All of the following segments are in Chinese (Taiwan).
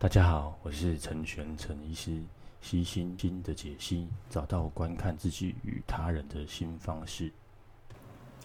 大家好，我是陳璿丞醫師。析心鏡的解析，找到我觀看自己與他人的新方式。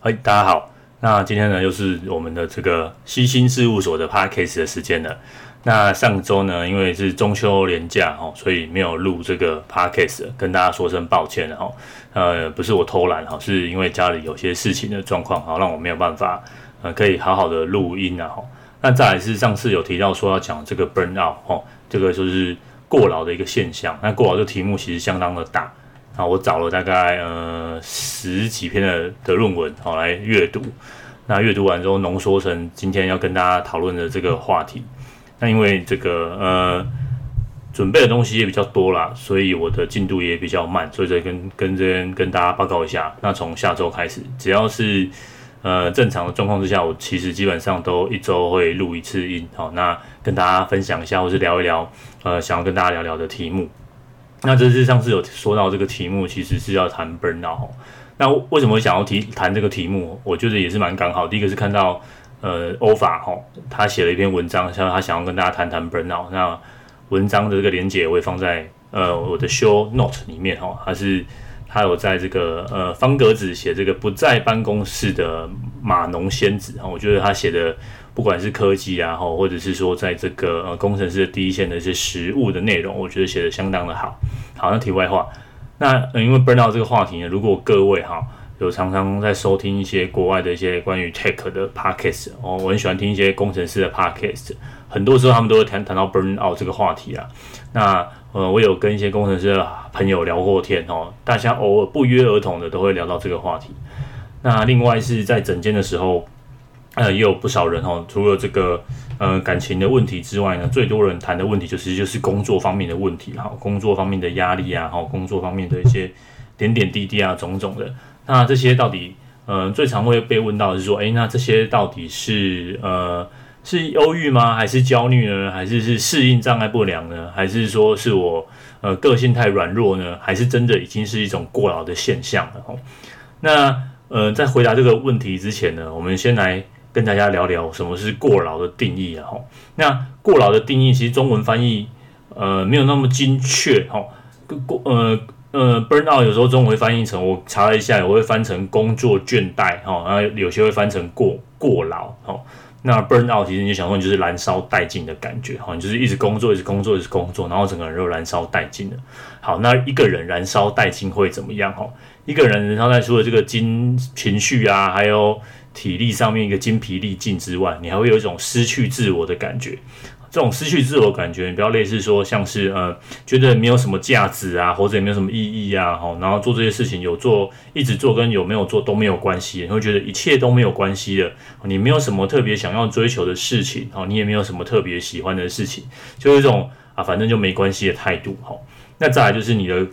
哎，大家好，那今天呢又是我們的這個析心事務所的 podcast 的時間了。那上周呢，因為是中秋連假哈，所以沒有錄這個 podcast，跟大家說聲抱歉哈。呃，不是我偷懶哈，是因為家裡有些事情的狀況哈，讓我沒有辦法呃，可以好好的錄音啊哈。那再來，是上次有提到說要講這個 burn out 哦，這個就是過勞的一個現象。那過勞這個題目其實相當的大，啊，我找了大概呃十幾篇的的論文好、哦、來閱讀。那閱讀完之後濃縮成今天要跟大家討論的這個話題。那因為這個呃準備的東西也比較多啦，所以我的進度也比較慢，所以再跟跟這邊跟大家報告一下。那從下周開始，只要是呃，正常的狀況之下，我其實基本上都一周會錄一次音，好、哦，那跟大家分享一下，或是聊一聊，呃，想要跟大家聊聊的題目。那這是上次有說到這個題目，其實是要談 burnout。那為什麼我想要提談這個題目？我覺得也是蠻剛好。第一個是看到呃 ofa 吼、哦，他寫了一篇文章，像他想要跟大家談談 burnout。那文章的這個連結我也放在呃我的 show note 裡面哈、哦，它是。他有在這個呃方格子寫這個不在辦公室的碼農仙子啊，我覺得他寫的不管是科技啊，或者是說在這個呃工程師的第一線的一些實務的內容，我覺得寫的相當的好。好，那題外話，那、呃、因為 burnout 這個話題呢，如果各位哈、哦、有常常在收聽一些國外的一些關於 tech 的 podcast，哦，我很喜歡聽一些工程師的 podcast，很多時候他們都會談談到 burnout 這個話題啊，那。呃，我有跟一些工程師的朋友聊過天哦，大家偶爾不約而同的都會聊到這個話題。那另外是在診間的時候，呃，也有不少人，除了這個呃感情的問題之外呢，最多人談的問題就是就是工作方面的問題哈，好，工作方面的壓力啊，好，工作方面的一些點點滴滴啊，種種的。那這些到底呃最常會被問到的是說，誒、欸，那這些到底是呃？是憂鬱嗎？還是焦慮呢？還是是適應障礙不良呢？還是說是我呃個性太軟弱呢？還是真的已經是一種過勞的現象了？吼，那呃在回答這個問題之前呢，我們先來跟大家聊聊什麼是過勞的定義，啊、吼、那過勞的定義其實中文翻譯呃沒有那麼精確，過呃呃 burn out 有時候中文翻譯成我查了一下，我會翻成工作倦怠，然後有些會翻成過過勞，那 burn out 其實你就想問就是燃燒殆盡的感覺，哈，你就是一直工作，一直工作，一直工作，然後整個人都燃燒殆盡了。好，那一個人燃燒殆盡會怎麼樣？哈，一個人燃燒殆盡除了這個精情緒啊，還有體力上面一個精疲力盡之外，你還會有一種失去自我的感覺。這種失去自我的感覺，你不要類似說像是呃，覺得沒有什麼價值啊，或者也沒有什麼意義啊，吼，然後做這些事情有做，一直做跟有沒有做都沒有關係，你會覺得一切都沒有關係的，你沒有什麼特別想要追求的事情，你也沒有什麼特別喜歡的事情，就是這種啊，反正就沒關係的態度，吼。那再來就是你的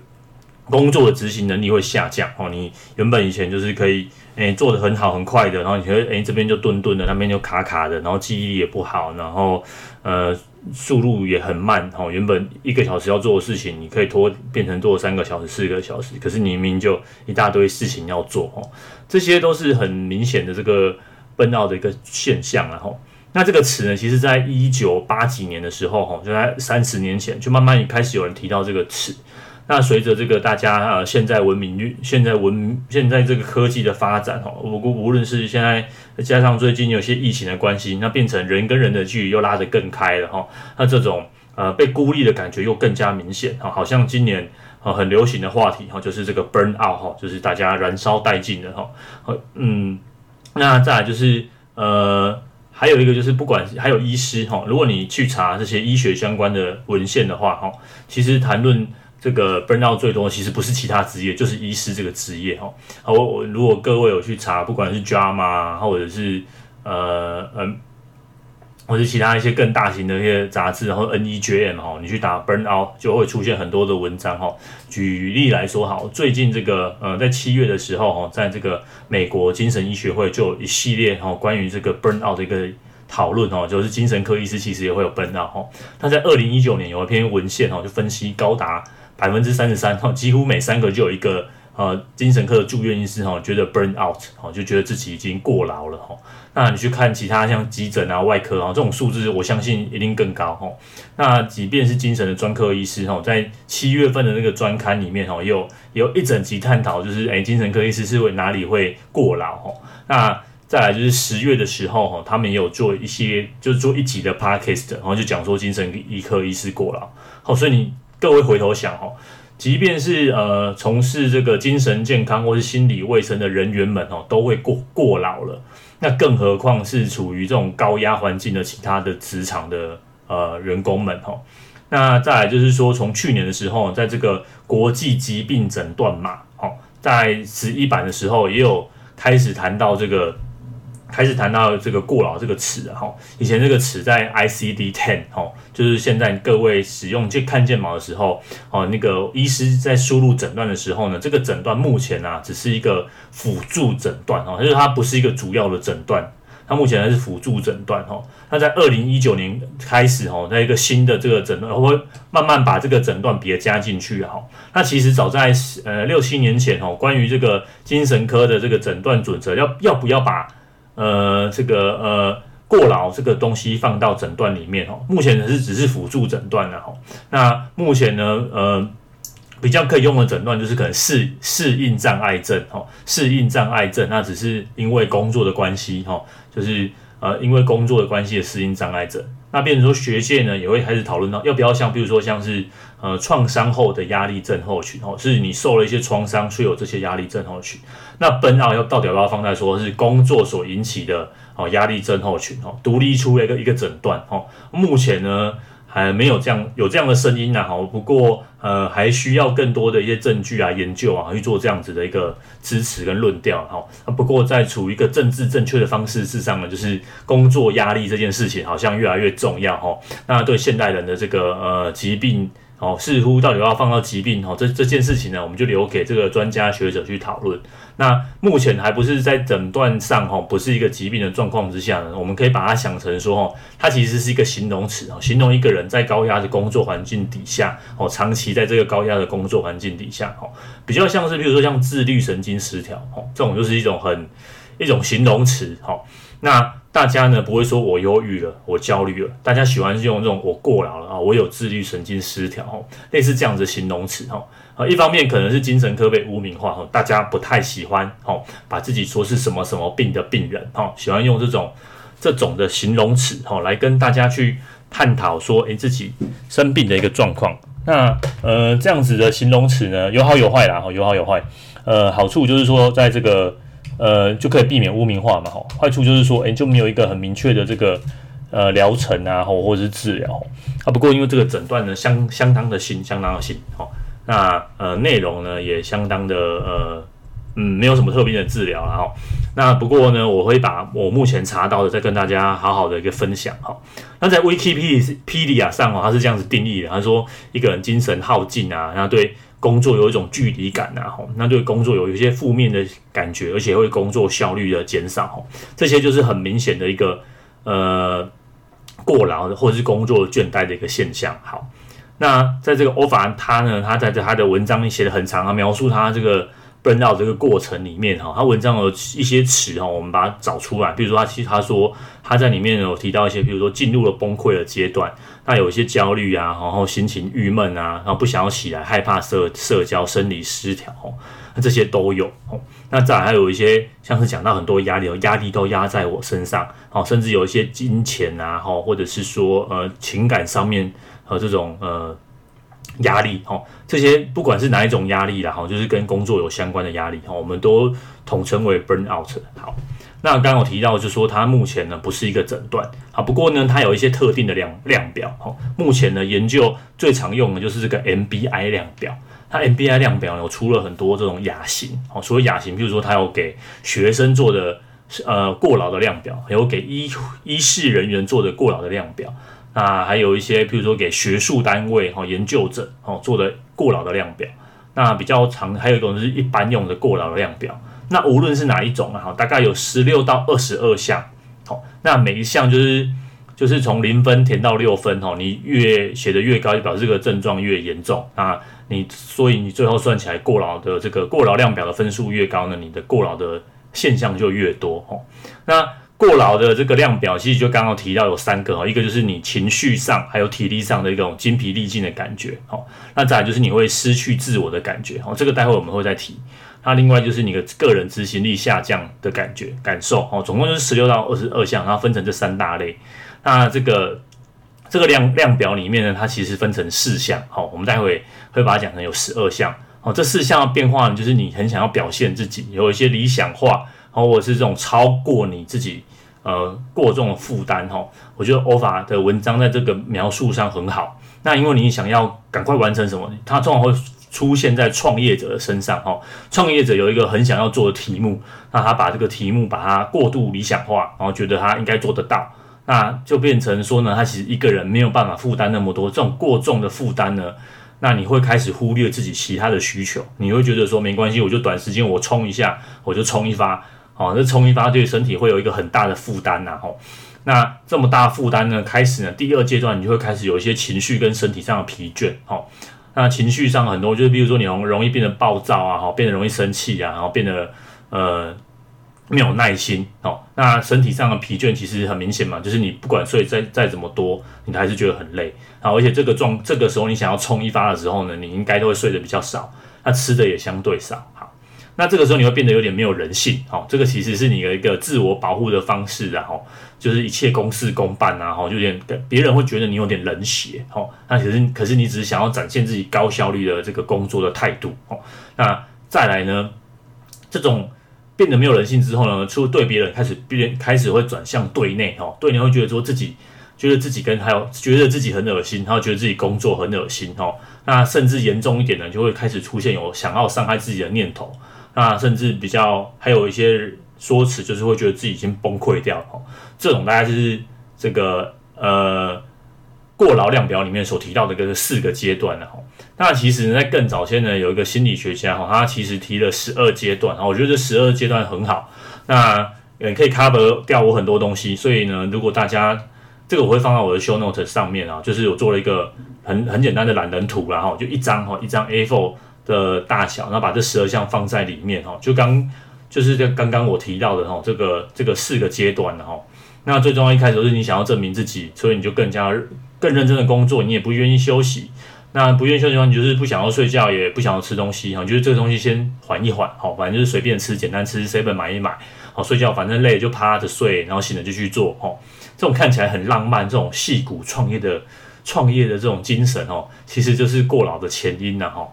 工作的執行能力會下降，哦，你原本以前就是可以誒、欸、做得很好很快的，然後你覺得誒這邊就頓頓的，那邊就卡卡的，然後記憶力也不好，然後。呃，速度也很慢，吼、哦，原本一個小時要做的事情，你可以拖變成做三個小時、四個小時，可是你明明就一大堆事情要做，吼、哦，這些都是很明顯的這個 burnout 的一個現象啊，吼、哦，那這個詞呢，其實在一九八幾年的時候，吼、哦，就在三十年前，就慢慢開始有人提到這個詞。那隨着這個大家呃現在文明、現在文明、現在這個科技的發展哈，我無論是現在加上最近有些疫情的關係，那變成人跟人的距離又拉得更開了哈，那這種呃被孤立的感覺又更加明顯啊，好像今年啊很流行的話題哈，就是這個 burn out 哈，就是大家燃燒殆盡了哈，好嗯，那再來就是呃還有一個就是不管還有醫師哈，如果你去查這些醫學相關的文獻的話哈，其實談論。這個 burnout 最多其實不是其他職業，就是醫師這個職業哦。好，我我如果各位有去查，不管是 JAMA 或者是呃呃、嗯，或者是其他一些更大型的一些雜誌，然後 N E J M 哈，你去打 burnout 就會出現很多的文章哈。舉例來說，好，最近這個呃在七月的時候哈，在這個美國精神醫學會就有一系列哈關於這個 burnout 的一個討論哈，就是精神科醫師其實也會有 burnout 哈。他在二零一九年有一篇文獻哈，就分析高達。百分之三十三，哈，幾乎每三個就有一個呃精神科的住院醫師，哈，覺得 burn out，哈，就覺得自己已經過勞了，哈。那你去看其他像急診啊、外科啊這種數字，我相信一定更高，哈。那即便是精神的專科醫師，哈，在七月份的那個專刊裡面，哈，有有一整集探討，就是、欸、精神科醫師是會哪裡會過勞，哈。那再來就是十月的時候，哈，他們也有做一些，就是做一集的 podcast，然後就講說精神醫科醫師過勞，好，所以你。各位回頭想哦，即便是呃從事這個精神健康或是心理衛生的人員們哦，都會過過勞了。那更何況是處於這種高壓環境的其他的職場的呃員工們哦。那再來就是說，從去年的時候，在這個國際疾病診斷碼哦，在十一版的時候，也有開始談到這個。開始談到這個“過勞”這個詞哈、啊，以前這個詞在 I C D-10 哈、哦，就是現在各位使用去看健保的時候哦，那個醫師在輸入診斷的時候呢，這個診斷目前啊只是一個輔助診斷哦，就是它不是一個主要的診斷，它目前還是輔助診斷哈、哦。那在二零一九年開始哦，在一個新的這個診斷，我會慢慢把這個診斷別加進去哈、哦。那其實早在呃六七年前哦，關於這個精神科的這個診斷準則，要要不要把呃，這個呃，過勞這個東西放到診斷裡面哦，目前是只是輔助診斷了哈。那目前呢，呃，比較可以用的診斷就是可能適適應障礙症哈，適應障礙症那只是因為工作的關係哈，就是呃因為工作的關係的適應障礙症。那變成說，學界呢也會開始討論到要不要像，比如說像是呃創傷後的壓力症候群哦，是你受了一些創傷，所以有這些壓力症候群。那本來到底要，不要放在說，是工作所引起的哦，壓力症候群哦，獨立出了一個一個診斷。目前呢還沒有這樣有這樣的聲音呢、啊、不過呃還需要更多的一些證據啊、研究啊去做這樣子的一個支持跟論調哈。不過在處於一個政治正確的方式之上呢，就是工作壓力這件事情好像越來越重要哈。那對現代人的這個呃疾病呃似乎到底要，不要放到疾病哦這這件事情呢，我們就留給這個專家學者去討論。那目前還不是在診斷上，不是一個疾病的狀況之下呢，我們可以把它想成說，它其實是一個形容詞，形容一個人在高壓的工作環境底下，哦，長期在這個高壓的工作環境底下，比較像是比如說像自律神經失調，哦，這種就是一種很一種形容詞，那大家呢不會說我憂鬱了，我焦慮了，大家喜歡用這種我過勞了啊，我有自律神經失調，類似這樣子的形容詞，一方面可能是精神科被污名化哈，大家不太喜歡哈把自己說是什麼什麼病的病人哈，喜歡用這種這種的形容詞哈來跟大家去探討說、欸，自己生病的一個狀況。那呃這樣子的形容詞呢有好有壞啦，有好有壞。呃好處就是說在這個呃就可以避免污名化嘛。壞處就是說、欸、就沒有一個很明確的這個呃療程啊或或者是治療啊。不過因為這個診斷呢相相當的新，相當的新哈。那呃，內容呢也相當的呃，嗯，沒有什麼特別的治療啊。那不過呢，我會把我目前查到的，再跟大家好好的一個分享哈。那在 Wikipedia 上哦，他是這樣子定義的：他說一個人精神耗盡啊，然後對工作有一種距離感啊，吼，那對工作有一些負面的感覺，而且會工作效率的減少齁，這些就是很明顯的一個呃過勞的或者是工作倦怠，的一個現象。好。那在這個歐凡他呢，他在他的文章裡寫的很長啊，他描述他這個奔 u 這個過程裡面哈，他文章的一些詞哈，我們把它找出來，比如說他其實他說他在裡面有提到一些，比如說進入了崩潰的階段，那有一些焦慮啊，然後心情鬱悶啊，然後不想要起來，害怕社社交，生理失調，那這些都有。那再來還有一些像是講到很多壓力，壓力都壓在我身上，甚至有一些金錢啊，或者是說呃情感上面。和這種呃壓力哦，這些不管是哪一種壓力然後就是跟工作有相關的壓力哈，我們都統稱為 burnout。好，那剛剛有提到，就是說它，目前呢不是一個診斷，好，不過呢它有一些特定的量量表哦。目前呢研究最常用的就是這個 MBI 量表，它 MBI 量表呢有出了很多這種亞型哦，所以亞型，比如說它有給學生做的呃過勞的量表，有給醫醫事人員做的過勞的量表。啊，還有一些，譬如說給學術單位、哈研究者，哈做的過勞的量表。那比較常還有一種就是一般用的過勞的量表。那無論是哪一種啊，大概有十六到二十二項，好，那每一項就是就是從零分填到六分，哦，你越寫得越高，就表示這個症狀越嚴重。啊，你所以你最後算起來過勞的這個過勞量表的分數越高呢，那你的過勞的現象就越多，哦，那。過勞的這個量表其實就剛剛提到有三個，一個就是你情緒上還有體力上的一種精疲力盡的感覺，那再來就是你會失去自我的感覺哦，這個待會我們會再提。那另外就是你的個人執行力下降的感覺、感受哦，總共就是十六到二十二項，然後分成這三大類。那這個這個量量表裡面呢，它其實分成四項，我們待會會把它講成有十二項哦，這四項的變化呢，就是你很想要表現自己，有一些理想化或者是這種超過你自己。呃，過重的負擔哈，我覺得 OFA 的文章在這個描述上很好。那因為你想要趕快完成什麼，它通常會出現在創業者的身上哈、哦。創業者有一個很想要做的題目，那他把這個題目把它過度理想化，然後覺得他應該做得到，那就變成說呢，他其實一個人沒有辦法負擔那麼多這種過重的負擔呢。那你會開始忽略自己其他的需求，你會覺得說沒關係，我就短時間我衝一下，我就衝一發。好、哦，那衝一發對身體會有一個很大的負擔吶、啊，吼、哦。那這麼大的負擔呢，開始呢，第二階段你就會開始有一些情緒跟身體上的疲倦，好、哦。那情緒上很多就是，比如說你容容易變得暴躁啊，吼、哦，變得容易生氣啊，然後變得呃沒有耐心，哦，那身體上的疲倦其實很明顯嘛，就是你不管睡再再怎麼多，你還是覺得很累，好、哦。而且這個狀這個時候你想要衝一發的時候呢，你應該都會睡得比較少，那吃的也相對少。那這個時候你會變得有點沒有人性，好、哦，這個其實是你的一個自我保護的方式，然、哦、後就是一切公事公辦啊，哦、就有點別人會覺得你有點冷血、哦，那其實可是你只是想要展現自己高效率的這個工作的態度、哦，那再來呢，這種變得沒有人性之後呢，出對別人開始變，開始會轉向對內，哈、哦，對你會覺得說自己覺得自己跟還有覺得自己很惡心，然後覺得自己工作很惡心，哈、哦，那甚至嚴重一點呢，就會開始出現有想要傷害自己的念頭。那甚至比較還有一些說辭，就是會覺得自己已經崩潰掉了、哦。這種大概就是這個呃過勞量表裡面所提到的這個四個階段了、哦。哈，那其實呢，在更早些呢，有一個心理學家哈、哦，他其實提了十二階段、哦。我覺得這十二階段很好，那也可以 cover 掉我很多東西。所以呢，如果大家這個我會放在我的 show note 上面啊，就是我做了一個很很簡單的懶人圖然後哈、哦，就一張哈，一張 A4。的大小，那把這十二項放在裡面哈，就剛就是這剛剛我提到的哈，這個這個四個階段的哈，那最重要一開始就是你想要證明自己，所以你就更加更認真的工作，你也不願意休息。那不願意休息的話，你就是不想要睡覺，也不想要吃東西哈，就是這個東西先緩一緩，哈，反正就是隨便吃，簡單吃，隨便買一買，好，睡覺反正累就趴着睡，然後醒了就去做哈。這種看起來很浪漫，這種矽谷創業的創業的這種精神哦，其實就是過勞的前因了哈。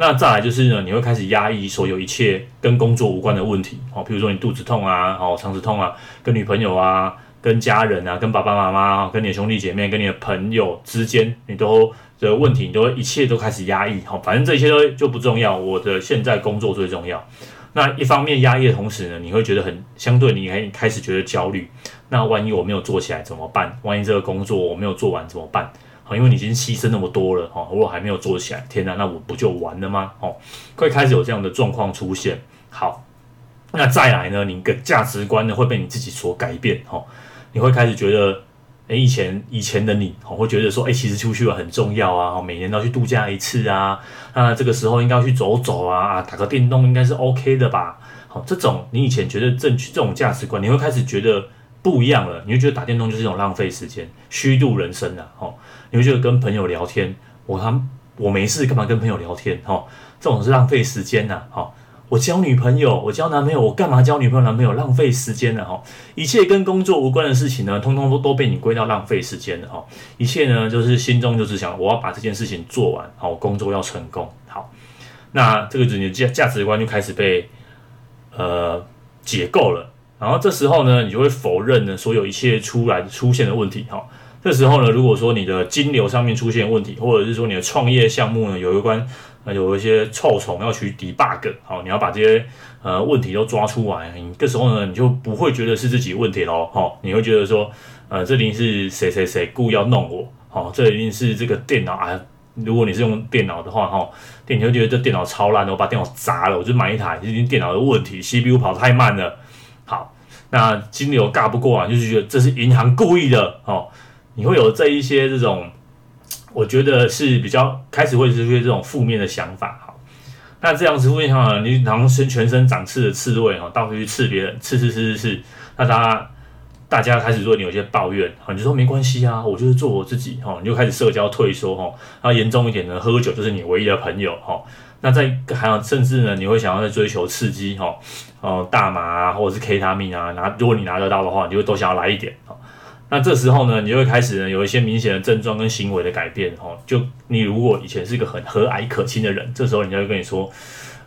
那再來就是呢，你會開始壓抑所有一切跟工作無關的問題，哦，比如說你肚子痛啊，哦，腸子痛啊，跟女朋友啊，跟家人啊，跟爸爸媽媽，跟你的兄弟姐妹，跟你的朋友之間，你都的、這個、問題，你都一切都開始壓抑，哦，反正這一切都就不重要，我的現在工作最重要。那一方面壓抑的同時呢，你會覺得很相對，你還開始覺得焦慮。那萬一我沒有做起來怎麼辦？萬一這個工作我沒有做完怎麼辦？因為你已經犧牲那麼多了哦，如果還沒有做起來，天啊，那我不就完了嗎？哦，會開始有這樣的狀況出現。好，那再來呢？你的價值觀呢會被你自己所改變哦，你會開始覺得，哎、欸，以前以前的你，哦，會覺得說，哎、欸，其實出去了很重要啊，每年都去度假一次啊，那這個時候應該要去走走啊，打個電動應該是 OK 的吧？好，這種你以前覺得正確這種價值觀，你會開始覺得。不一樣了，你就覺得打電動就是一種浪費時間、虛度人生了，啊，吼，哦！你就覺得跟朋友聊天，我他我沒事幹嘛跟朋友聊天，吼，哦，這種是浪費時間吶，啊，吼，哦！我交女朋友，我交男朋友，我幹嘛交女朋友男朋友，浪費時間了，啊，吼，哦！一切跟工作無關的事情呢，通通都都被你歸到浪費時間了，吼，哦！一切呢，就是心中就是想我要把這件事情做完，好，哦，工作要成功，好，那這個人的價價值觀就開始被呃解構了。然後這時候呢，你就會否認呢所有一切出來出現的問題哈。這時候呢，如果說你的金流上面出現問題，或者是說你的創業項目呢有一關呃有一些臭蟲要去 debug，好、哦，你要把這些呃問題都抓出來。你這時候呢，你就不會覺得是自己問題了哦，你會覺得說呃這一定是誰誰誰故意要弄我，好、哦，這一定是這個電腦啊。如果你是用電腦的話哈、哦，電你就覺得這電腦超爛的，我把電腦砸了，我就買一台，這已經電腦的問題，CPU 跑太慢了。那金流尬不過啊，就是覺得這是銀行故意的哦，你會有這一些這種，我覺得是比較開始會是一些這種負面的想法哈、哦。那這樣子負面想法，你然後身全身長刺的刺蝟哈、哦，到處去刺別人，刺刺刺刺刺，那大家大家開始說你有些抱怨、哦，你就說沒關係啊，我就是做我自己哈、哦，你就開始社交退縮哈、哦，那嚴重一點的喝酒就是你唯一的朋友哈。哦那在還有甚至呢，你會想要在追求刺激哈，呃、哦、大麻啊或者是 K 他命啊拿，如果你拿得到的話，你就都想要來一點哦。那這時候呢，你就會開始呢有一些明顯的症狀跟行為的改變哦。就你如果以前是一個很和藹可親的人，這時候人家就會跟你說，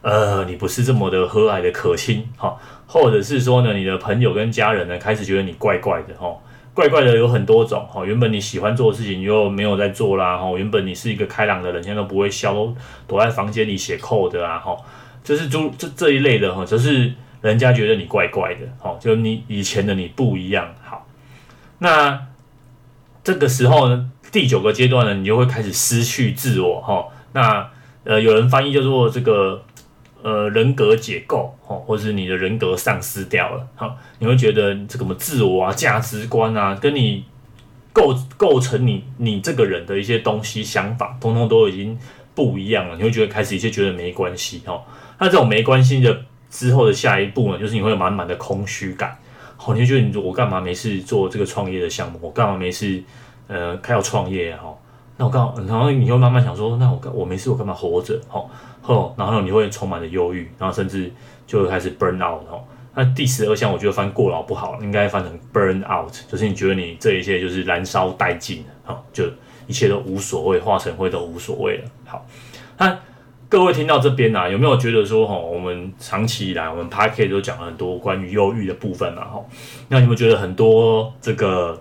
呃你不是這麼的和藹的可親哈、哦，或者是說呢你的朋友跟家人呢開始覺得你怪怪的哈。哦怪怪的有很多種哈，原本你喜歡做的事情你又沒有在做啦哈、啊，原本你是一個開朗的人，現在都不會笑，都躲在房間裡寫 code 啊哈，就是這這這一類的哈，就是人家覺得你怪怪的哈，就你以前的你不一樣好，那這個時候呢，第九個階段呢，你就會開始失去自我哈，那呃有人翻譯叫做這個。呃，人格解構，吼、哦，或是你的人格喪失掉了，好、哦，你會覺得這個麼自我啊、價值觀啊，跟你構構成你你這個人的一些東西、想法，通通都已經不一樣了。你會覺得開始一些覺得沒關係，吼、哦，那這種沒關係的之後的下一步呢，就是你會有滿滿的空虛感，好、哦，你就覺得我幹嘛沒事做這個創業的項目，我幹嘛沒事，呃，開始創業，吼、哦。那我幹，然後你會慢慢想說，那我幹，我沒事，我幹嘛活着？吼、哦、吼，然後你會充滿了憂鬱，然後甚至就會開始 burn out 哈、哦。那第十二項，我覺得翻過勞不好，應該翻成 burn out，就是你覺得你這一切就是燃燒殆盡了、哦、就一切都無所謂，化成灰都無所謂了。好、哦，那各位聽到這邊呢、啊，有沒有覺得說哈、哦，我們長期以來我們 Podcast 都講了很多關於憂鬱的部分了哈、哦，那你有沒有覺得很多這個？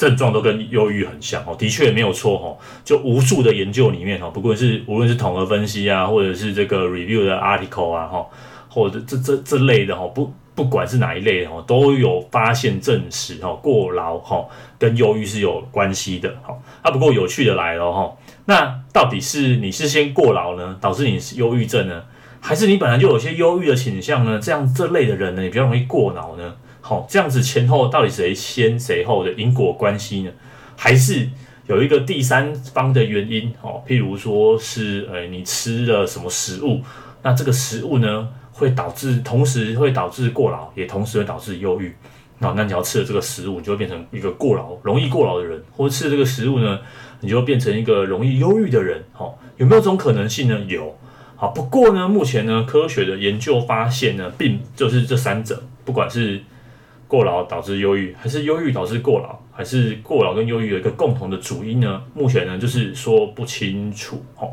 症狀都跟憂鬱很像哦，的確沒有錯哦。就無數的研究裡面哦，不管是無論是統合分析啊，或者是這個 review 的 article 啊，哈，或者這這這類的哈，不不管是哪一類哦，都有發現證實哦，過勞哈跟憂鬱是有關係的哈。啊，不過有趣的來了哈，那到底是你是先過勞呢，導致你是憂鬱症呢，還是你本來就有些憂鬱的傾向呢？這樣這類的人呢，也比較容易過勞呢？哦，這樣子前後到底誰先誰後的因果關係呢？還是有一個第三方的原因？哦，譬如說是，哎，你吃了什麼食物？那這個食物呢，會導致同時會導致過勞，也同時會導致憂鬱。那那你要吃了這個食物，你就會變成一個過勞容易過勞的人，或者吃了這個食物呢，你就會變成一個容易憂鬱的人。好，有沒有這種可能性呢？有。好，不過呢，目前呢，科學的研究發現呢，並就是這三者，不管是過勞導致憂鬱，還是憂鬱導致過勞，還是過勞跟憂鬱有一個共同的主因呢？目前呢，就是說不清楚哦。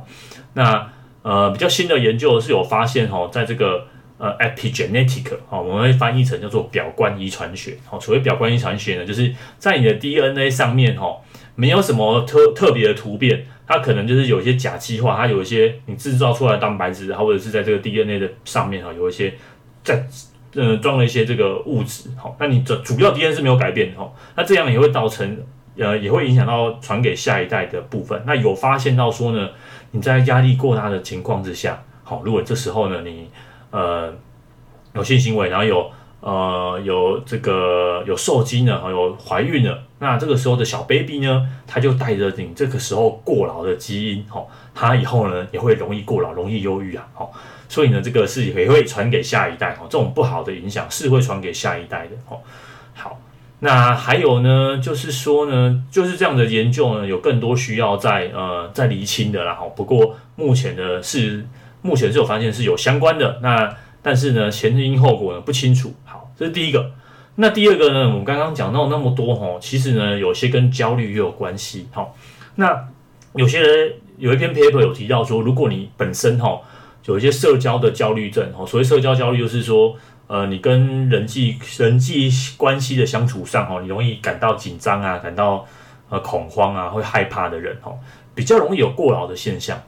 那呃，比較新的研究是有發現哦，在這個呃 epigenetic 哦，我們會翻譯成叫做表觀遺傳學哦。所謂表觀遺傳學呢，就是在你的 DNA 上面哈、哦，沒有什麼特特別的突變，它可能就是有一些甲基化，它有一些你制造出來的蛋白質，然後或者是在這個 DNA 的上面哈、哦，有一些在。呃，裝了一些這個物質，好，那你主主要基因是沒有改變的，那這樣也會造成，呃，也會影響到傳給下一代的部分。那有發現到說呢，你在壓力過大的情況之下，好，如果這時候呢，你呃有性行為，然後有呃有這個有受精了，還有懷孕了，那這個時候的小 baby 呢，他就帶着你這個時候過勞的基因，他以後呢也會容易過勞，容易憂鬱啊，好。所以呢，這個是也會傳給下一代哈，這種不好的影響是會傳給下一代的哈。好，那還有呢，就是說呢，就是這樣的研究呢，有更多需要再呃再釐清的啦哈。不過目前的是目前是有發現是有相關的，那但是呢前因後果呢不清楚。好，這是第一個。那第二個呢，我們剛剛講到那麼多哈，其實呢有些跟焦慮也有關係。那有些人有一篇 paper 有提到說，如果你本身哈、哦。有一些社交的焦慮症哦，所謂社交焦慮，就是說，呃，你跟人際人際關係的相處上，你容易感到緊張啊，感到呃恐慌啊，會害怕的人，比較容易有過勞的現象。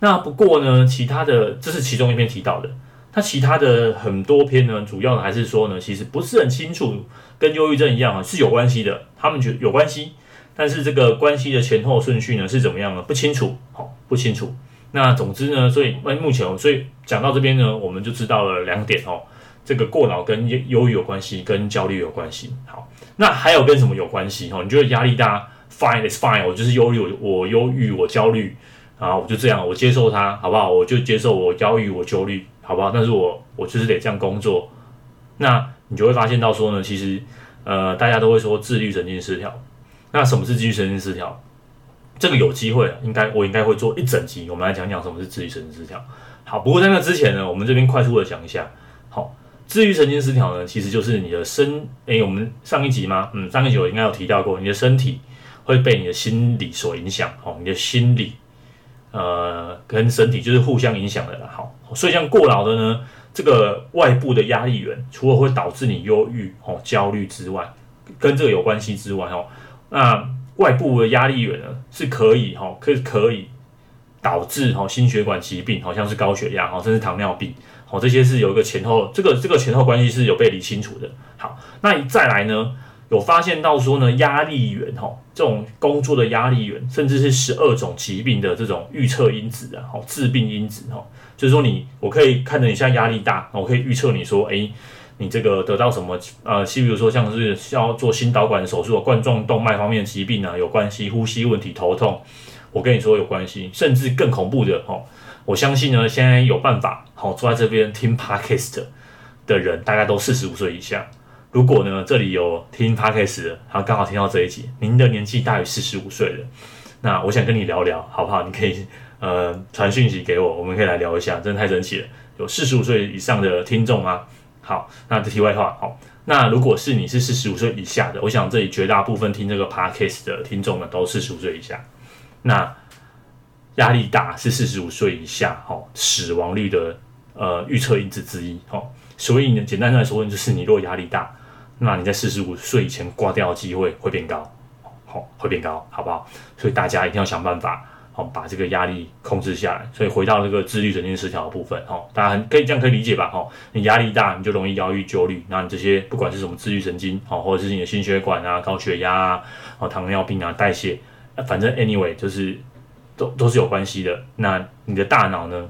那不過呢，其他的這是其中一篇提到的，那其他的很多篇呢，主要的還是說呢，其實不是很清楚，跟憂鬱症一樣啊是有關係的，他們覺得有關係，但是這個關係的前後順序呢是怎麼樣呢？不清楚，好，不清楚。那總之呢，所以那、哎、目前，所以講到這邊呢，我們就知道了兩點哦，這個過勞跟憂鬱有關係，跟焦慮有關係。好，那還有跟什麼有關係、哦、你覺得壓力大，fine is fine，我就是憂鬱，我憂鬱，我焦慮，然後我就這樣，我接受它，好不好？我就接受我憂鬱，我焦慮，好不好？但是我我就是得這樣工作。那你就會發現到說呢，其實呃，大家都會說自律神經失調。那什麼是自律神經失調？這個有機會，應該我應該會做一整集，我們來講講什麼是自律神經失調。好，不過在那之前呢，我們這邊快速的講一下。好、哦，自律神經失調呢，其實就是你的身，誒，我們上一集嗎？嗯，上一集我應該有提到過，你的身體會被你的心理所影響。哦，你的心理，呃，跟身體就是互相影響的啦。好，所以像過勞的呢，這個外部的壓力源，除了會導致你憂鬱、哦焦慮之外，跟這個有關係之外，哦，那。外部的壓力源呢是可以哈，可可以導致哈心血管疾病，好像是高血壓甚至糖尿病，好，這些是有一個前後，這個這個前後關係是有被理清楚的。好，那你再來呢，有發現到說呢，壓力源哈，這種工作的壓力源，甚至是十二種疾病的這種預測因子啊，致病因子哈，就是說你，我可以看着你現在壓力大，我可以預測你說，哎、欸。你這個得到什麼？呃，譬如說像是要做心導管手術、冠狀動脈方面的疾病呢，啊，有關係？呼吸問題、頭痛，我跟你說有關係。甚至更恐怖的哦，我相信呢，現在有辦法好、哦、坐在這邊聽 podcast 的人，大概都四十五歲以下。如果呢，這裡有聽 podcast 的，他剛好聽到這一集，您的年紀大於四十五歲了。那我想跟你聊聊，好不好？你可以呃傳訊息給我，我們可以來聊一下，真的太神奇了，有四十五歲以上的聽眾啊。好，那這題外話，好、哦，那如果是你是四十五歲以下的，我想這裡絕大部分聽這個 podcast 的聽眾呢都四十五歲以下，那壓力大是四十五歲以下，好、哦、死亡率的呃預測因子之一，好、哦，所以呢簡單來說問就是你若壓力大，那你在四十五歲以前掛掉的機會會變高，好、哦、會變高，好不好？所以大家一定要想辦法。好，把這個壓力控制下來，所以回到這個自律神經失調的部分，大家可以這樣可以理解吧？你壓力大，你就容易憂鬱、焦慮，那你這些不管是什麼自律神經，或者是你的心血管啊、高血壓啊、糖尿病啊、代謝，反正 anyway 就是都都是有關係的。那你的大腦呢？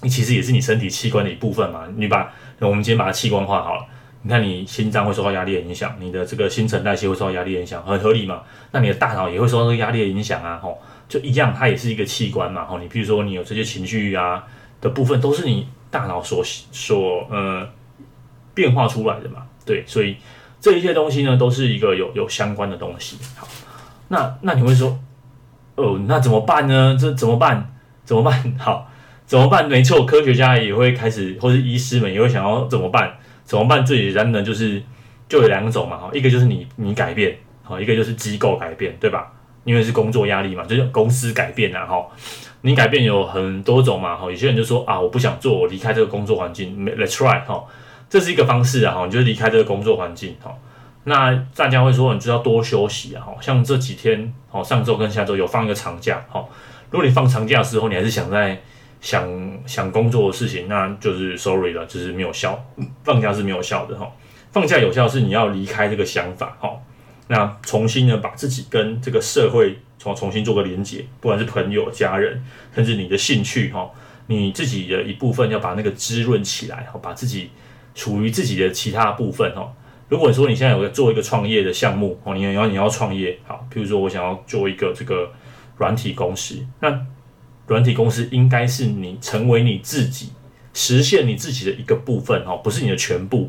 你其實也是你身體器官的一部分嘛。你把我們今天把它器官化好了，你看你心臟會受到壓力的影響，你的這個新陳代謝會受到壓力的影響，很合理嘛？那你的大腦也會受到這個壓力的影響啊？就一樣，它也是一個器官嘛，哈，你比如說你有這些情緒啊的部分，都是你大腦所所呃變化出來的嘛，對，所以這一些東西呢，都是一個有有相關的東西。好，那那你會說，哦、呃，那怎麼辦呢？這怎麼辦？怎麼辦？好，怎麼辦？沒錯，科學家也會開始，或是醫師們也會想要怎麼辦？怎麼辦？最簡單的就是就有兩種嘛，哈，一個就是你你改變，好，一個就是機構改變，對吧？因為是工作壓力嘛，就是公司改變啊哈，你改變有很多種嘛哈，有些人就說啊，我不想做，我離開這個工作環境。Let's try 哈，這是一個方式啊哈，你就離開這個工作環境哈。那大家會說，你就要多休息啊哈，像這幾天哈，上周跟下周有放一個長假哈。如果你放長假的時候，你還是想在想想工作的事情，那就是 sorry 了，就是沒有效，放假是沒有效的哈。放假有效是你要離開這個想法哈。那重新呢，把自己跟這個社會重重新做個連結，不管是朋友、家人，甚至你的興趣哈，你自己的一部分要把那個滋潤起來哈，把自己處於自己的其他的部分哈。如果說你現在有在做一個創業的項目哦，你要你要創業好，譬如說我想要做一個這個軟體公司，那軟體公司應該是你成為你自己，實現你自己的一個部分哦，不是你的全部。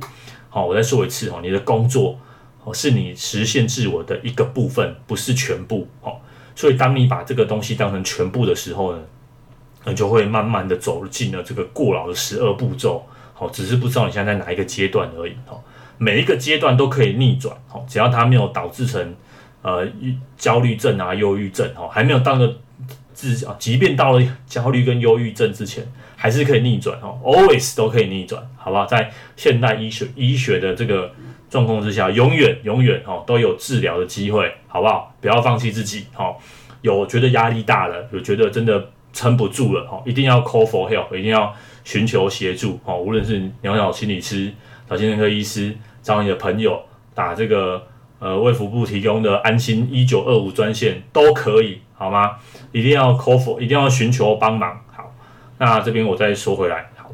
好，我再說一次哦，你的工作。哦，是你實現自我的一個部分，不是全部。哦，所以當你把這個東西當成全部的時候呢，你就會慢慢的走進了這個過勞的十二步驟。好、哦，只是不知道你現在在哪一個階段而已。哈、哦，每一個階段都可以逆轉。好、哦，只要它沒有導致成呃焦慮症啊、憂鬱症。哈、哦，還沒有到了治，即便到了焦慮跟憂鬱症之前，還是可以逆轉。哦，Always 都可以逆轉，好不好？在現代醫學醫學的這個。狀況之下，永遠、永遠哦，都有治療的機會，好不好？不要放棄自己，哈、哦。有覺得壓力大了，有覺得真的撐不住了，哈、哦，一定要 call for help，一定要尋求協助，哈、哦。無論是你找找心理師、找精神科醫師，找你的朋友，打這個呃衛福部提供的安心一九二五專線都可以，好嗎？一定要 call for，一定要尋求幫忙。好，那這邊我再說回來，好，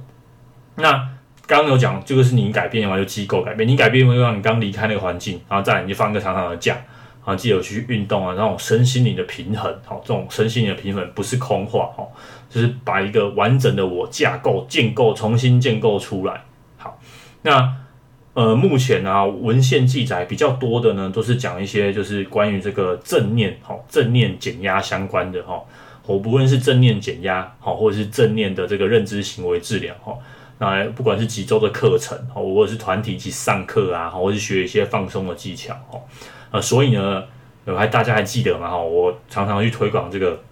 那。剛剛有講，這、就、個是你改變的話就機構改變，你改變的又讓你剛離開那個環境，然後再來你就放一個長長的假，然後記得去運動啊，然後身心靈的平衡。好，這種身心靈的平衡不是空話，就是把一個完整的我架構建構重新建構出來。好，那呃目前啊文獻記載比較多的呢，都是講一些就是關於這個正念，好，正念減壓相關的哈，我不論是正念減壓，好，或者是正念的這個認知行為治療，哈。那不管是幾週的課程，或者是團體去上課啊，或者是學一些放鬆的技巧，呃，所以呢，還大家還記得嗎？哈，我常常去推廣這個，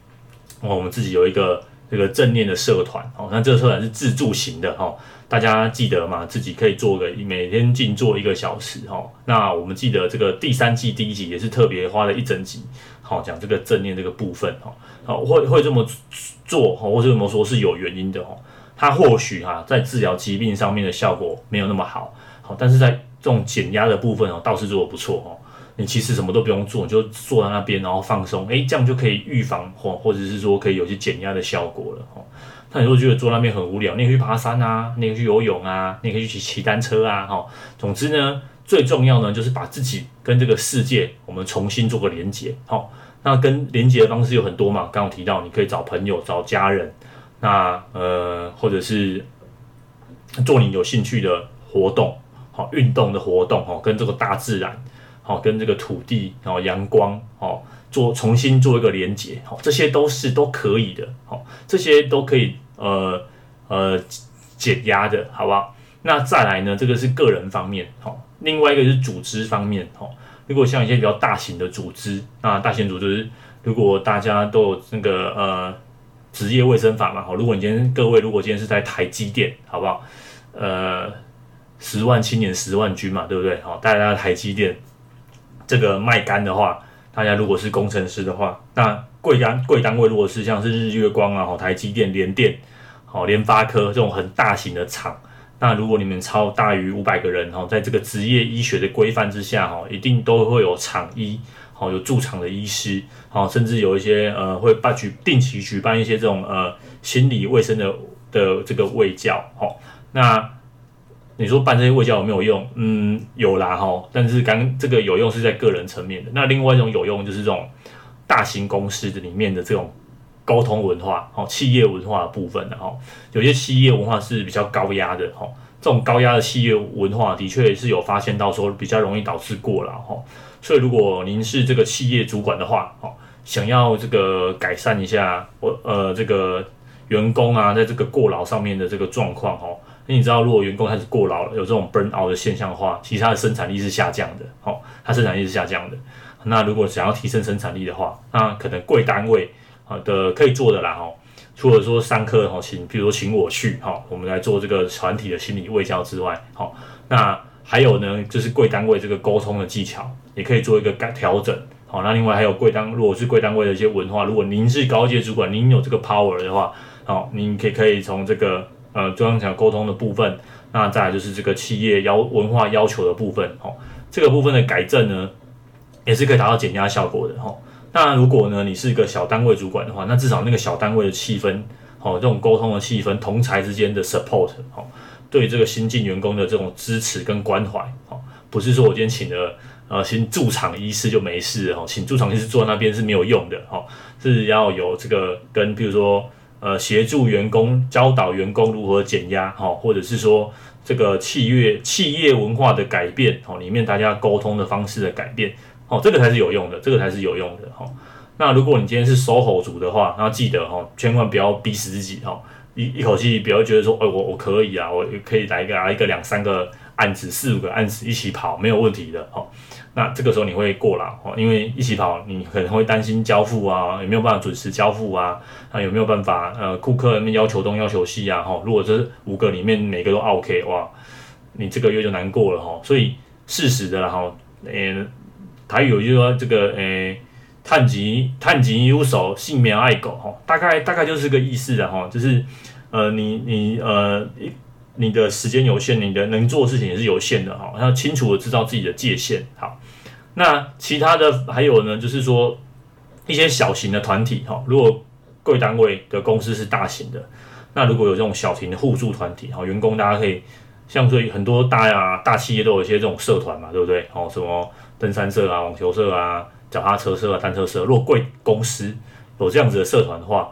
我們自己有一個這個正念的社團，哦，那這個社團是自助型的，哈，大家記得嗎？自己可以做個每天靜坐一個小時，哈，那我們記得這個第三季第一集也是特別花了一整集，好講這個正念這個部分，哈，好會會這麼做，或者怎麼說是有原因的，它或許哈在治療疾病上面的效果沒有那麼好，好，但是在這種減壓的部分哦，倒是做得不錯哦。你其實什麼都不用做，你就坐在那邊，然後放鬆，哎、欸，這樣就可以預防或者是說可以有些減壓的效果了哦。那你如果覺得坐那邊很無聊，你可以去爬山啊，你可以去游泳啊，你可以去騎單車啊，哈。總之呢，最重要呢，就是把自己跟這個世界，我們重新做個連結，好。那跟連結的方式有很多嘛，剛剛提到你可以找朋友，找家人。那呃，或者是做你有興趣的活動，好、哦，運動的活動，好、哦，跟這個大自然，好、哦，跟這個土地，好、哦，陽光，好、哦，做重新做一個連接，好、哦，這些都是都可以的，好、哦，這些都可以，呃呃，減壓的好吧？那再來呢，這個是個人方面，好、哦，另外一個是組織方面，好、哦，如果像一些比較大型的組織，那大型組織、就是，如果大家都有那個呃。職業衛生法嘛，好，如果你今天各位如果今天是在台積電，好不好？呃，十萬青年十萬軍嘛，對不對？好，大家在台積電這個賣乾的話，大家如果是工程師的話，那貴單貴單位如果是像是日月光啊、好台積電聯電、好聯發科這種很大型的廠，那如果你們超大於五百個人，在這個職業醫學的規範之下，一定都會有廠醫。好、哦，有駐場的醫師，好、哦，甚至有一些呃會辦舉定期舉辦一些這種呃心理衛生的的這個衛教，好、哦，那你說辦這些衛教有沒有用？嗯，有啦，哈、哦，但是剛這個有用是在個人層面的，那另外一種有用就是這種大型公司的裡面的這種溝通文化，哦、企業文化的部分的哈、哦，有些企業文化是比較高壓的，哈、哦，這種高壓的企業文化的確是有發現到說比較容易導致過勞，哈、哦。所以，如果您是這個企業主管的話，哦，想要這個改善一下我呃這個員工啊，在這個過勞上面的這個狀況，哦，那你知道，如果員工開始過勞了，有這種 burn out 的現象的話，其實他的生產力是下降的，哦，他生產力是下降的。那如果想要提升生產力的話，那可能貴單位好的可以做的啦，哦，除了說上課，哦，請，比如說請我去，哈、哦，我們來做這個團體的心理衛教之外，好、哦，那還有呢，就是貴單位這個溝通的技巧。也可以做一個改調整，好，那另外還有貴單如果是貴單位的一些文化，如果您是高階主管，您有這個 power 的話，哦，您可可以從這個呃，中央講溝通的部分，那再來就是這個企業要文化要求的部分，哦，這個部分的改正呢，也是可以達到減壓效果的，哈、哦。那如果呢，你是一個小單位主管的話，那至少那個小單位的氣氛，哦，這種溝通的氣氛，同才之間的 support，哦，對這個新進員工的這種支持跟關懷，哦，不是說我今天請的。呃，請駐場醫師就沒事哦，請駐場醫師坐在那邊是沒有用的哦，是要有這個跟，譬如說呃，協助員工教導員工如何減壓哦，或者是說這個企業企業文化的改變哦，裡面大家溝通的方式的改變哦，這個才是有用的，這個才是有用的哦。那如果你今天是 SOHO 組的話，那記得哦，千萬不要逼死自己哦，一一口氣不要覺得說，哎、欸，我我可以啊，我可以來一個啊，一個兩三個。案子四五個案子一起跑沒有問題的哈、哦，那這個時候你會過勞哈，因為一起跑你可能會擔心交付啊，有沒有辦法準時交付啊？啊有沒有辦法呃，顧客要求東要求西啊哈、哦？如果這五個裡面每個都 OK 哇，你這個月就難過了哈、哦。所以事實的啦哈，誒、呃，還有就是說這個誒、呃，探疾探疾入手性命愛狗哈、哦，大概大概就是個意思的哈、哦，就是呃你你呃你的時間有限，你的能做的事情也是有限的哈，要清楚的知道自己的界限。好，那其他的還有呢，就是說一些小型的團體哈。如果貴單位的公司是大型的，那如果有這種小型的互助團體哈，員工大家可以，像對很多大呀大企業都有一些這種社團嘛，對不對？哦，什麼登山社啊、網球社啊、腳踏車社啊、單車社。如果貴公司有這樣子的社團的話，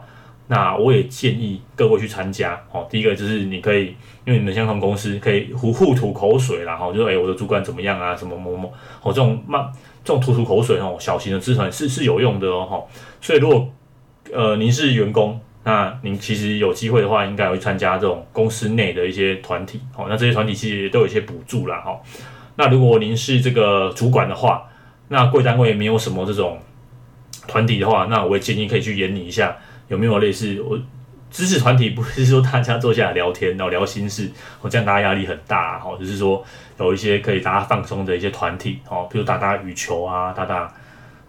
那我也建議各位去參加哦。第一個就是你可以，因為你們相同公司可以互互吐口水啦，哈，就說、是、哎，我的主管怎麼樣啊？什麼某某，好這種慢這種吐吐口水哦，小型的支團是是有用的哦，哈。所以如果呃您是員工，那您其實有機會的話，應該會參加這種公司內的一些團體，哦，那這些團體其實也都有一些補助啦，哈。那如果您是這個主管的話，那貴單位也沒有什麼這種團體的話，那我也建議可以去研擬一下。有沒有類似我支持團體？不是說大家坐下來聊天，然後聊心事，我這樣大家壓力很大哈。就是說有一些可以大家放鬆的一些團體，哦，比如打打羽球啊，打打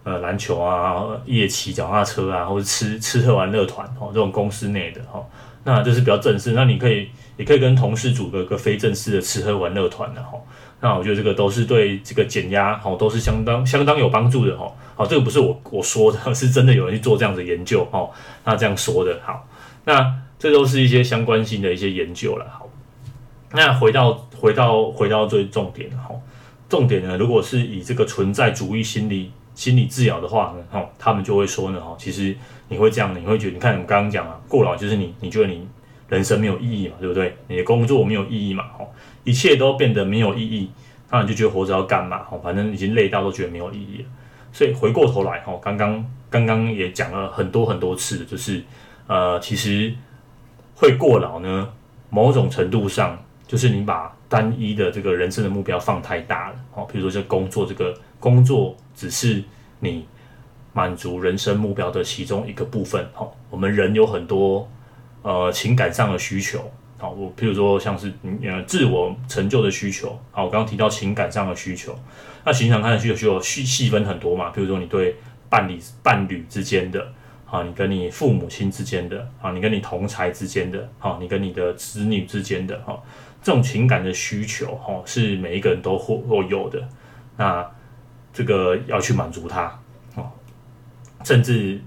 呃籃球啊，夜騎腳踏車啊，或者吃吃喝玩樂團哦，這種公司內的哈，那就是比較正式。那你可以也可以跟同事組個個非正式的吃喝玩樂團的哈。那我覺得這個都是對這個減壓，吼，都是相當相當有幫助的哦，吼，好，這個不是我我說的，是真的有人去做這樣的研究，哦。那這樣說的，好，那這都是一些相關性的一些研究了，好，那回到回到回到最重點哦，吼，重點呢，如果是以這個存在主義心理心理治療的話呢，吼，他們就會說呢，吼，其實你會這樣，你會覺得，你看我們剛剛講了，過勞就是你，你覺得你。人生沒有意義嘛，對不對？你的工作沒有意義嘛，吼，一切都變得沒有意義，那你就覺得活着要幹嘛？吼，反正已經累到都覺得沒有意義了。所以回過頭來，吼，剛剛剛剛也講了很多很多次，就是，呃，其實會過勞呢，某種程度上就是你把單一的這個人生的目標放太大了，吼，比如說這工作，這個工作只是你滿足人生目標的其中一個部分，吼，我們人有很多。呃，情感上的需求，好、哦，我比如說像是，嗯，自我成就的需求，好、哦，我剛剛提到情感上的需求，那情感上的需求就細細分很多嘛，比如說你對伴侶伴侶之間的，啊，你跟你父母親之間的，啊，你跟你同儕之間的，啊，你跟你的子女之間的，哈、啊，這種情感的需求，哈、啊，是每一個人都會，會有的，那這個要去滿足它，哦、啊，甚至，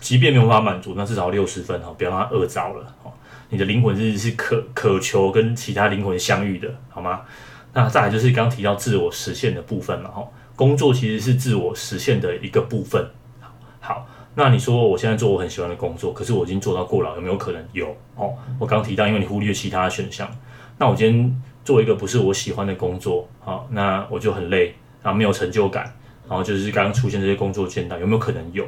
即便沒有辦法滿足，那至少六十分哈、哦，不要讓他餓着了、哦、你的靈魂日是渴渴求跟其他靈魂相遇的，好嗎？那再來就是剛提到自我實現的部分嘛哈、哦。工作其實是自我實現的一個部分。好，那你說我現在做我很喜歡的工作，可是我已經做到過勞，有沒有可能有？哦，我剛提到因為你忽略其他的選項。那我今天做一個不是我喜歡的工作，好、哦，那我就很累，然、啊、後沒有成就感，然、啊、後就是剛剛出現這些工作倦怠，有沒有可能有？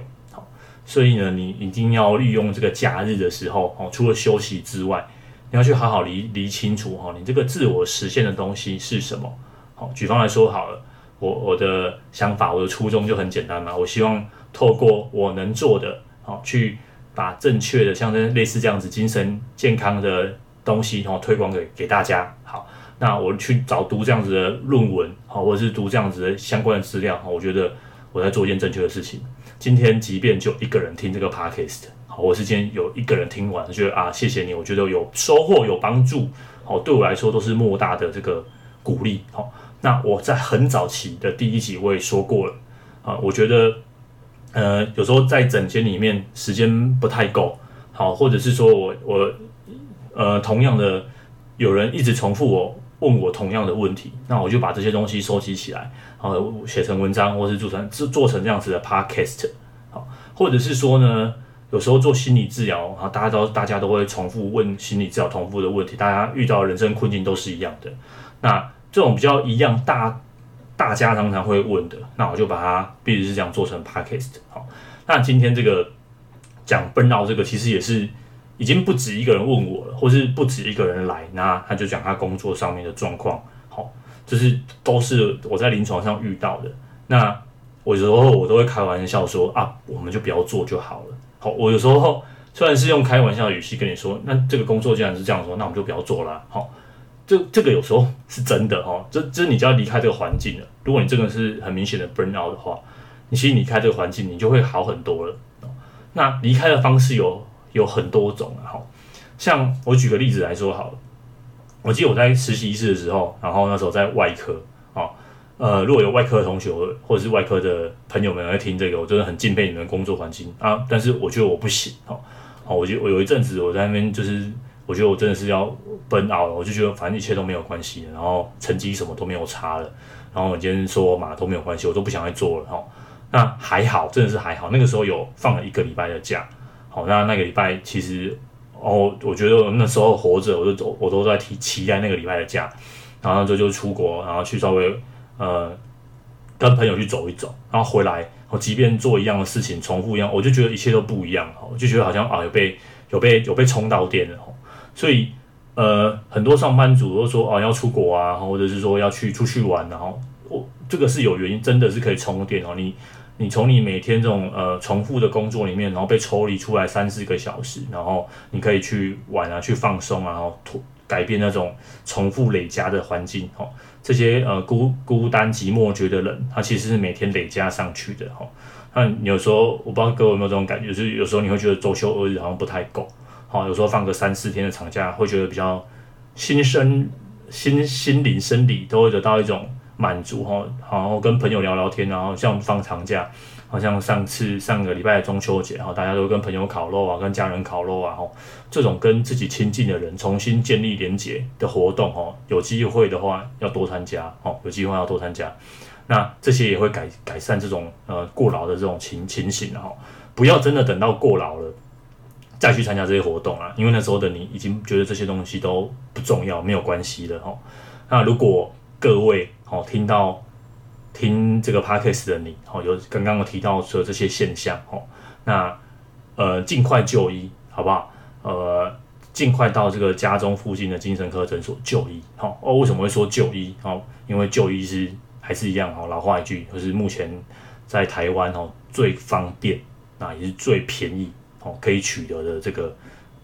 所以呢，你一定要利用這個假日的時候哦，除了休息之外，你要去好好理理清楚你這個自我實現的東西是什麼。好，舉方來說好了，我我的想法，我的初衷就很簡單嘛，我希望透過我能做的去把正確的，像這類似這樣子精神健康的東西哦，然後推廣給給大家。好，那我去找讀這樣子的論文，好，或者是讀這樣子的相關的資料，我覺得我在做一件正確的事情。今天即便就一個人聽這個 podcast，好，我是今天有一個人聽完，覺得啊，謝謝你，我覺得有收穫、有幫助，好，對我來說都是莫大的這個鼓勵。好，那我在很早期的第一集我也說過了，啊，我覺得，呃，有時候在診間裡面時間不太夠，好，或者是說我我呃同樣的有人一直重複我問我同樣的問題，那我就把這些東西收集起來。好，寫成文章，或是做成做做成這樣子的 podcast。好，或者是說呢，有時候做心理治療，啊，大家都大家都會重複問心理治療重複的問題，大家遇到人生困境都是一樣的，那這種比較一樣，大大家常常會問的，那我就把它，譬如是這樣做成 podcast。好，那今天這個講 Burnout 這個，其實也是已經不止一個人問我了，或是不止一個人來，那他就講他工作上面的狀況好。就是都是我在臨床上遇到的，那我有時候我都會開玩笑說啊，我們就不要做就好了。好、哦，我有時候雖然是用開玩笑的語氣跟你說，那這個工作既然是這樣說、哦，那我們就不要做啦。好、哦，這這個有時候是真的哦，這這你就要離開這個環境了。如果你真的是很明顯的 burn out 的話，你其實離開這個環境，你就會好很多了。哦、那離開的方式有有很多種啊，好、哦，像我舉個例子來說好了。我記得我在實習一次的時候，然後那時候在外科啊、哦，呃，如果有外科的同學或者是外科的朋友們來聽這個，我真的很敬佩你們的工作環境啊。但是我覺得我不行、哦、我覺得我有一陣子我在那邊，就是我覺得我真的是要 burn out 了，我就覺得反正一切都沒有關係，然後成績什麼都沒有差了，然後我今天說我嘛都沒有關係，我都不想再做了哈、哦。那還好，真的是還好，那個時候有放了一個禮拜的假，好、哦，那那個禮拜其實。哦，我覺得我那時候活着，我就走，我都在期待那個禮拜的假，然後就就出國，然後去稍微呃跟朋友去走一走，然後回來，我、哦、即便做一樣的事情，重複一樣，我就覺得一切都不一樣，我、哦、就覺得好像啊、哦、有被有被有被充到電了，哦、所以呃很多上班族都說啊、哦、要出國啊，或者是說要去出去玩，然後我、哦、這個是有原因，真的是可以充電哦，然後你。你從你每天這種呃重複的工作裡面，然後被抽離出來三四個小時，然後你可以去玩啊，去放鬆啊，然後改變那種重複累加的環境。哈、哦，這些呃孤孤單寂寞覺得冷，他其實是每天累加上去的。哈、哦，那你有時候我不知道各位有沒有這種感覺，就是有時候你會覺得周休二日好像不太夠，好、哦，有時候放個三四天的長假，會覺得比較心身心心靈生理都會得到一種。滿足哈，好，然後跟朋友聊聊天，然後像放長假，好像上次上個禮拜的中秋節哈，大家都跟朋友烤肉啊，跟家人烤肉啊，哈，這種跟自己親近的人重新建立連結的活動哈，有機會的話要多參加哦，有機會要多參加，那這些也會改改善這種呃過勞的這種情情形哈，不要真的等到過勞了再去參加這些活動啊，因為那時候的你已經覺得這些東西都不重要，沒有關係了哈，那如果。各位好，聽到聽這個 podcast 的你，好，有剛剛我提到說這些現象，哦，那呃盡快就醫，好不好？呃，盡快到這個家中附近的精神科診所就醫，好。哦，為什麼會說就醫？哦，因為就醫是還是一樣，哦，老話一句，就是目前在台灣哦最方便，那也是最便宜，哦，可以取得的這個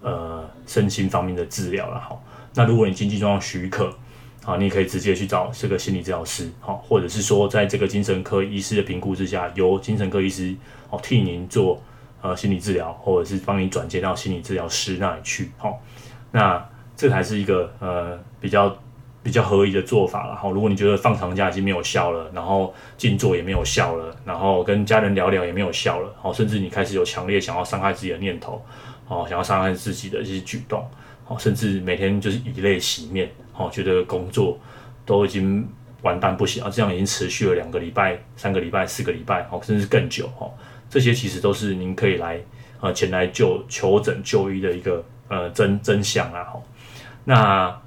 呃身心方面的治療了，好。那如果你經濟狀況許可，啊，你也可以直接去找這個心理治療師，好，或者是說，在這個精神科醫師的評估之下，由精神科醫師哦替您做呃心理治療，或者是幫您轉接到心理治療師那裡去，好，那這才是一個呃比較比較合宜的做法了。好，如果你覺得放長假已經沒有效了，然後靜坐也沒有效了，然後跟家人聊聊也沒有效了，哦，甚至你開始有強烈想要傷害自己的念頭，哦，想要傷害自己的一些舉動，哦，甚至每天就是以淚洗面。哦，覺得工作都已經完蛋不行啊，這樣已經持續了兩個禮拜、三個禮拜、四個禮拜，甚至更久哦。這些其實都是您可以來，前來就求診就醫的一個呃真真相啊。那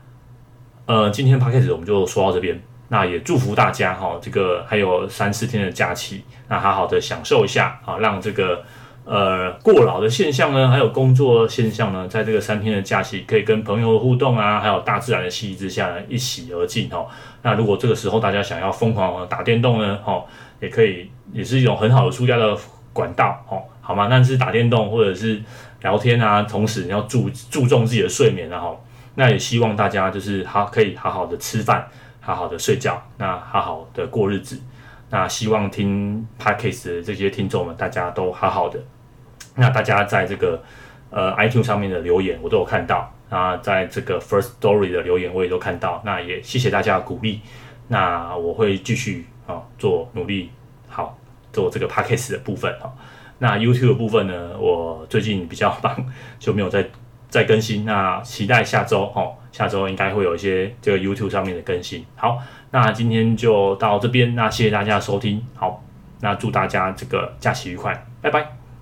呃，今天 Podcast 我們就說到這邊，那也祝福大家哈，這個還有三四天的假期，那好好的享受一下啊，讓這個。呃，過勞的現象呢，還有工作現象呢，在這個三天的假期，可以跟朋友的互動啊，還有大自然的吸引之下，呢，一洗而盡哦。那如果這個時候大家想要瘋狂的打電動呢，哦，也可以，也是一種很好的出家的管道哦，好嗎？但是打電動或者是聊天啊，同時你要注注重自己的睡眠、啊、哦。那也希望大家就是好，可以好好的吃飯，好好的睡覺，那好好的過日子。那希望聽 Podcast 的這些聽眾們，大家都好好的。那大家在這個呃 iTunes 上面的留言我都有看到啊，那在這個 First Story 的留言我也都看到，那也謝謝大家的鼓勵，那我會繼續啊、哦、做努力，好做這個 Podcast 的部分哈、哦。那 YouTube 的部分呢，我最近比較忙，就沒有再再更新。那期待下周哦，下周應該會有一些這個 YouTube 上面的更新。好，那今天就到這邊，那謝謝大家的收聽，好，那祝大家這個假期愉快，拜拜。